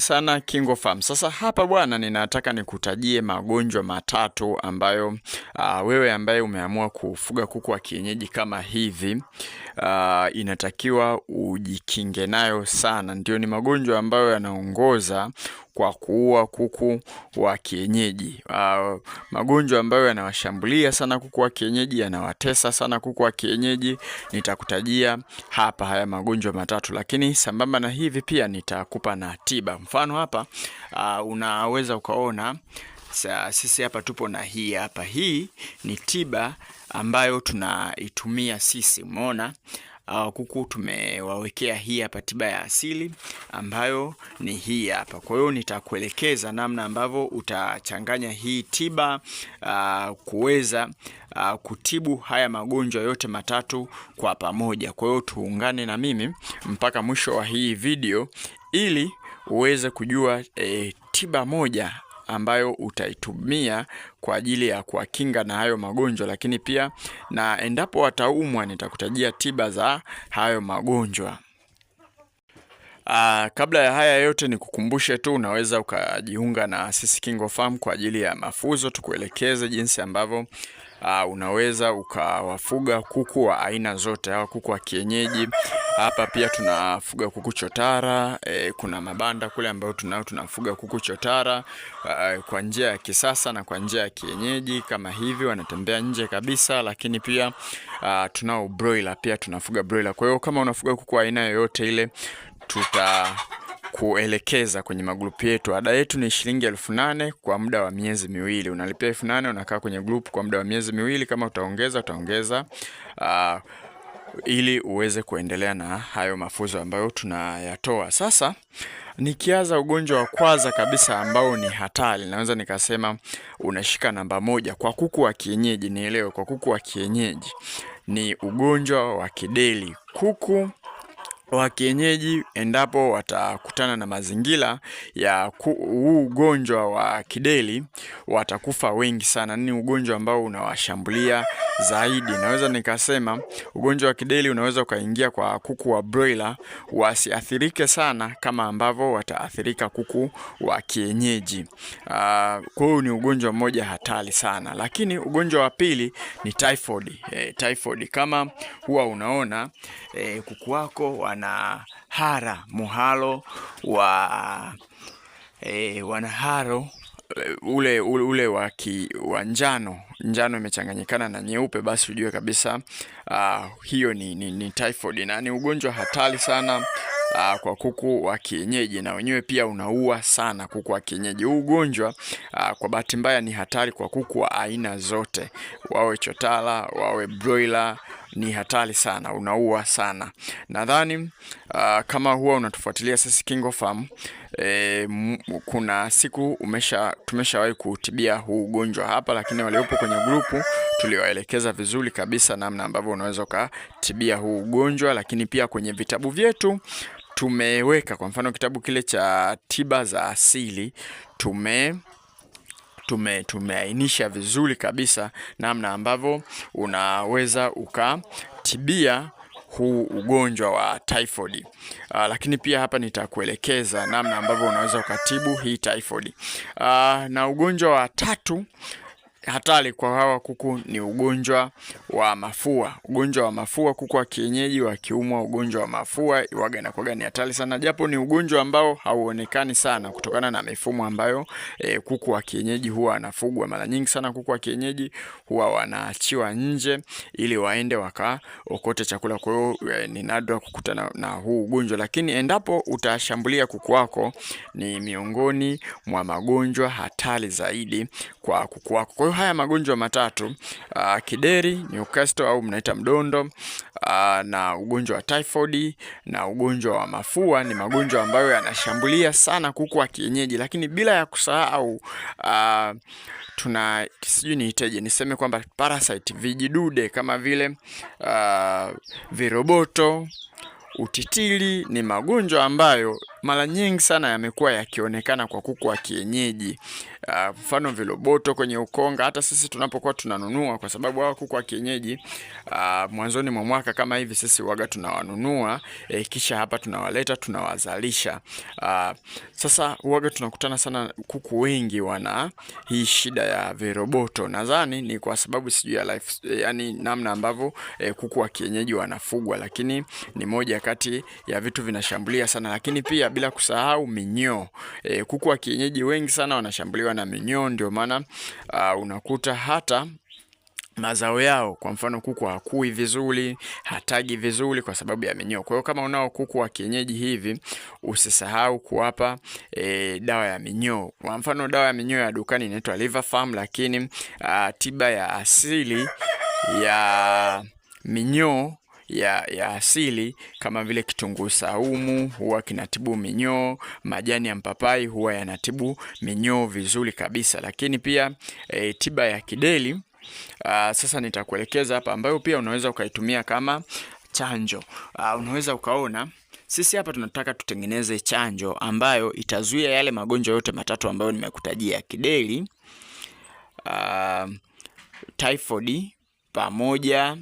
sana KingoFarm. Sasa hapa bwana, ninataka nikutajie magonjwa matatu ambayo aa, ah, wewe ambaye umeamua kufuga kuku wa kienyeji kama hivi aa, ah, inatakiwa ujikinge nayo sana. Ndio ni magonjwa ambayo yanaongoza kwa kuua kuku wa kienyeji. Uh, magonjwa ambayo yanawashambulia sana kuku wa kienyeji, yanawatesa sana kuku wa kienyeji, nitakutajia hapa haya magonjwa matatu, lakini sambamba na hivi pia nitakupa na tiba. Mfano hapa uh, unaweza ukaona sisi hapa tupo na hii hapa. Hii ni tiba ambayo tunaitumia sisi, umeona uh, kuku tumewawekea hii hapa tiba ya asili ambayo ni hii hapa. Kwa hiyo nitakuelekeza namna ambavyo utachanganya hii tiba uh, kuweza uh, kutibu haya magonjwa yote matatu kwa pamoja. Kwa hiyo tuungane na mimi mpaka mwisho wa hii video ili uweze kujua eh, tiba moja ambayo utaitumia kwa ajili ya kuwakinga na hayo magonjwa, lakini pia na endapo wataumwa, nitakutajia tiba za hayo magonjwa. Aa, ah, kabla ya haya yote ni kukumbushe tu, unaweza ukajiunga na sisi KingoFarm kwa ajili ya mafunzo, tukuelekeze jinsi ambavyo uh, unaweza ukawafuga kuku wa aina zote, au kuku wa kienyeji. Hapa pia tunafuga kuku chotara e, kuna mabanda kule ambayo tunao tunafuga kuku chotara e, kwa njia ya kisasa na kwa njia ya kienyeji kama hivi, wanatembea nje kabisa. Lakini pia a, ah, tunao broiler pia tunafuga broiler. Kwa hiyo kama unafuga kuku aina yoyote ile tuta kuelekeza kwenye magrupu yetu. Ada yetu ni shilingi elfu nane kwa muda wa miezi miwili. Unalipia elfu nane unakaa kwenye grupu kwa muda wa miezi miwili. Kama utaongeza utaongeza, uh, ili uweze kuendelea na hayo mafunzo ambayo tunayatoa. Sasa nikianza ugonjwa wa kwanza kabisa ambao ni hatari, naweza nikasema unashika namba moja kwa kuku wa kienyeji. Nielewe, kwa kuku wa kienyeji ni ugonjwa wa kideli Kuku wa kienyeji endapo watakutana na mazingira ya huu ugonjwa wa kideli watakufa wengi sana. Ni ugonjwa ambao unawashambulia zaidi, naweza nikasema ugonjwa wa kideli unaweza ukaingia kwa kuku wa broiler, wasiathirike sana kama ambavyo wataathirika kuku wa kienyeji. Ah, kwa hiyo ni ugonjwa mmoja hatari sana, lakini ugonjwa wa pili ni typhoid. E, typhoid kama huwa unaona e, kuku wako hara muhalo wa e, eh, haro eh, ule ule, ule wa wa njano njano imechanganyikana na nyeupe, basi ujue kabisa uh, hiyo ni, ni, ni typhoid na ni ugonjwa hatari sana uh, kwa kuku wa kienyeji, na wenyewe pia unaua sana kuku wa kienyeji. Huu ugonjwa uh, kwa bahati mbaya ni hatari kwa kuku wa aina zote, wawe chotala wawe broiler ni hatari sana, unaua sana. Nadhani uh, kama huwa unatufuatilia sisi KingoFarm E, eh, kuna siku umesha tumeshawahi kutibia huu ugonjwa hapa, lakini waliopo kwenye grupu tuliwaelekeza vizuri kabisa namna ambavyo unaweza ukatibia huu ugonjwa, lakini pia kwenye vitabu vyetu tumeweka, kwa mfano kitabu kile cha tiba za asili tume tume tumeainisha vizuri kabisa namna ambavyo unaweza ukatibia huu ugonjwa wa typhoid. Uh, lakini pia hapa nitakuelekeza namna ambavyo unaweza ukatibu hii typhoid. Uh, na ugonjwa wa tatu hatari kwa hawa kuku ni ugonjwa wa mafua. Ugonjwa wa mafua, kuku wa kienyeji wakiumwa ugonjwa wa mafua iwaga inakuwaga ni hatari sana, japo ni ugonjwa ambao hauonekani sana kutokana na mifumo ambayo e, kuku wa kienyeji huwa anafugwa. Mara nyingi sana kuku wa kienyeji huwa wanaachiwa nje ili waende wakaokote chakula, kwa hiyo e, ni nadra kukutana na huu ugonjwa, lakini endapo utashambulia kuku wako, ni miongoni mwa magonjwa hatari zaidi kwa kuku wako kwa hiyo haya magonjwa matatu uh, kideri, Newcastle au mnaita mdondo uh, na ugonjwa wa typhoid na ugonjwa wa mafua ni magonjwa ambayo yanashambulia sana kuku wa kienyeji, lakini bila ya kusahau uh, tuna sijui niiteje, niseme kwamba parasite, vijidude kama vile uh, viroboto utitili ni magonjwa ambayo mara nyingi sana yamekuwa yakionekana kwa kuku wa kienyeji. Ah, mfano uh, viloboto kwenye Ukonga. Hata sisi tunapokuwa tunanunua, kwa sababu hawa kuku wa kienyeji uh, mwanzoni mwa mwaka kama hivi sisi waga tunawanunua eh, kisha hapa tunawaleta tunawazalisha. Uh, sasa waga tunakutana sana kuku wengi wana hii shida ya viroboto. Nadhani ni kwa sababu sijui ya life, eh, yani namna ambavyo eh, kuku wa kienyeji wanafugwa, lakini ni moja kati ya vitu vinashambulia sana, lakini pia bila kusahau minyoo. Eh, kuku wa kienyeji wengi sana wanashambuliwa na minyoo, ndio maana uh, unakuta hata mazao yao kwa mfano kuku hakui vizuri, hatagi vizuri kwa sababu ya minyoo. Kwa hiyo kama unao kuku wa kienyeji hivi, usisahau kuwapa e, dawa ya minyoo. Kwa mfano dawa ya minyoo ya dukani inaitwa Liver Farm, lakini a, uh, tiba ya asili ya minyoo ya, ya asili kama vile kitunguu saumu huwa kinatibu minyoo, majani ya mpapai huwa yanatibu minyoo vizuri kabisa, lakini pia e, tiba ya kideli uh, sasa nitakuelekeza hapa, ambayo pia unaweza ukaitumia kama chanjo uh, unaweza ukaona sisi hapa tunataka tutengeneze chanjo ambayo itazuia yale magonjwa yote matatu ambayo nimekutajia: kideli uh, typhoid pamoja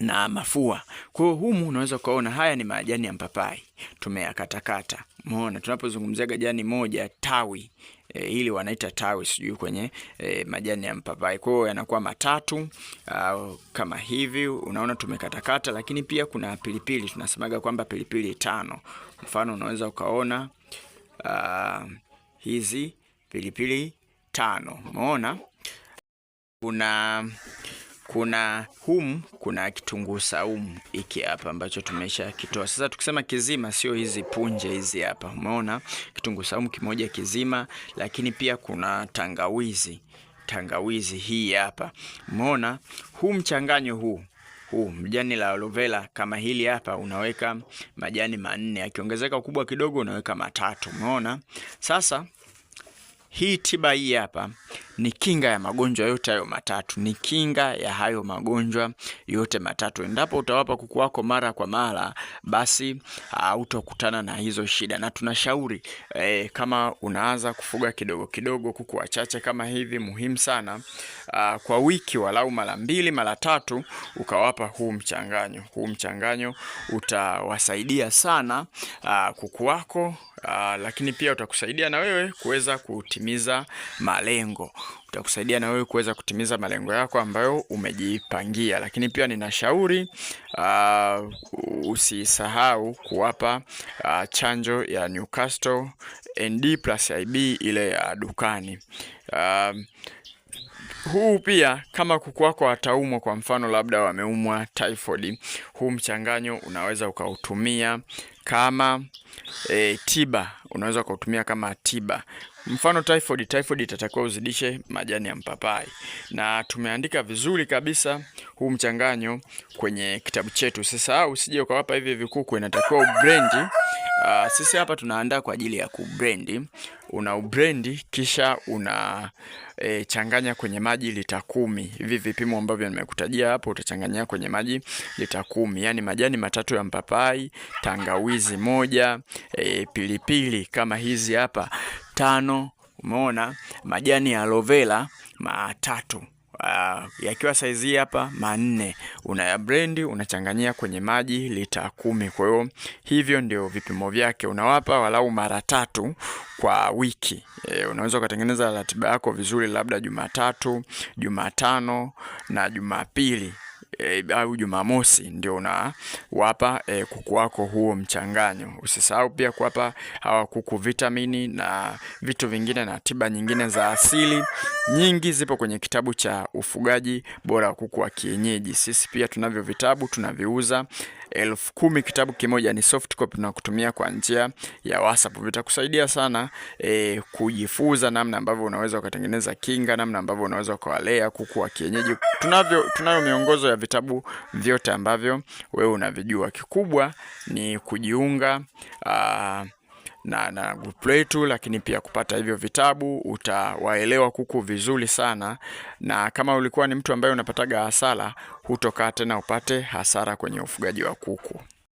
na mafua. Kwa hiyo humu unaweza ukaona haya ni majani ya mpapai tumeyakatakata. Umeona tunapozungumziaga jani moja tawi e, ili wanaita tawi sijui kwenye e, majani ya mpapai. Kwa hiyo yanakuwa matatu uh, kama hivi, unaona tumekatakata, lakini pia kuna pilipili tunasemaga kwamba pilipili tano. Mfano unaweza ukaona uh, hizi pilipili tano. Umeona kuna kuna hum kuna kitunguu saumu hiki hapa ambacho tumesha kitoa. Sasa tukisema kizima, sio hizi punje hizi hapa. Umeona kitunguu saumu kimoja kizima, lakini pia kuna tangawizi, tangawizi hii hapa. Umeona huu mchanganyo huu huu mjani la olovela kama hili hapa, unaweka majani manne, akiongezeka ukubwa kidogo unaweka matatu. Umeona sasa hii tiba hii hapa ni kinga ya magonjwa yote hayo matatu, ni kinga ya hayo magonjwa yote matatu. Endapo utawapa kuku wako mara kwa mara, basi ah, hautokutana na hizo shida. Na tunashauri e, kama unaanza kufuga kidogo kidogo, kuku wachache kama hivi, muhimu sana a, ah, kwa wiki walau mara mbili mara tatu ukawapa huu mchanganyo. Huu mchanganyo utawasaidia sana a, ah, kuku wako a, lakini pia utakusaidia na wewe kuweza kuti kutimiza malengo. Utakusaidia na wewe kuweza kutimiza malengo yako ambayo umejipangia. Lakini pia ninashauri uh, usisahau kuwapa uh, chanjo ya Newcastle ND plus IB ile ya uh, dukani. Uh, huu pia kama kuku wako wataumwa, kwa mfano labda wameumwa typhoid, huu mchanganyo unaweza ukautumia kama e, tiba unaweza ukautumia kama tiba. Mfano typhoid, typhoid itatakiwa uzidishe majani ya mpapai, na tumeandika vizuri kabisa huu mchanganyo kwenye kitabu chetu. Sasa usije ukawapa hivi vikuku, inatakiwa ubrendi. Uh, sisi hapa tunaandaa kwa ajili ya kubrendi. Una ubrendi kisha una e, changanya kwenye maji lita kumi. Hivi vipimo ambavyo nimekutajia hapo utachanganya kwenye maji lita kumi, yaani majani matatu ya mpapai, tangawizi moja, e, pilipili kama hizi hapa tano. Umeona majani ya aloe vera matatu. Uh, yakiwa saizi hapa manne, unaya blend unachanganyia kwenye maji lita kumi. Kwa hiyo hivyo ndio vipimo vyake, unawapa walau mara tatu kwa wiki. E, unaweza ukatengeneza ratiba yako vizuri, labda Jumatatu, Jumatano na Jumapili. Eh, au Jumamosi ndio unawapa e, kuku wako huo mchanganyo. Usisahau pia kuwapa hawa kuku vitamini na vitu vingine na tiba nyingine za asili nyingi zipo kwenye kitabu cha ufugaji bora wa kuku wa kienyeji. Sisi pia tunavyo vitabu tunaviuza elfu kumi kitabu kimoja ni soft copy, tunakutumia kwa njia ya WhatsApp. Vitakusaidia sana e, eh, kujifunza namna ambavyo unaweza ukatengeneza kinga, namna ambavyo unaweza ukawalea kuku wa kienyeji. Tunavyo tunayo miongozo ya vitabu vyote ambavyo wewe unavijua. Kikubwa ni kujiunga uh, na, na grupu letu, lakini pia kupata hivyo vitabu, utawaelewa kuku vizuri sana, na kama ulikuwa ni mtu ambaye unapataga hasara, hutokaa tena upate hasara kwenye ufugaji wa kuku.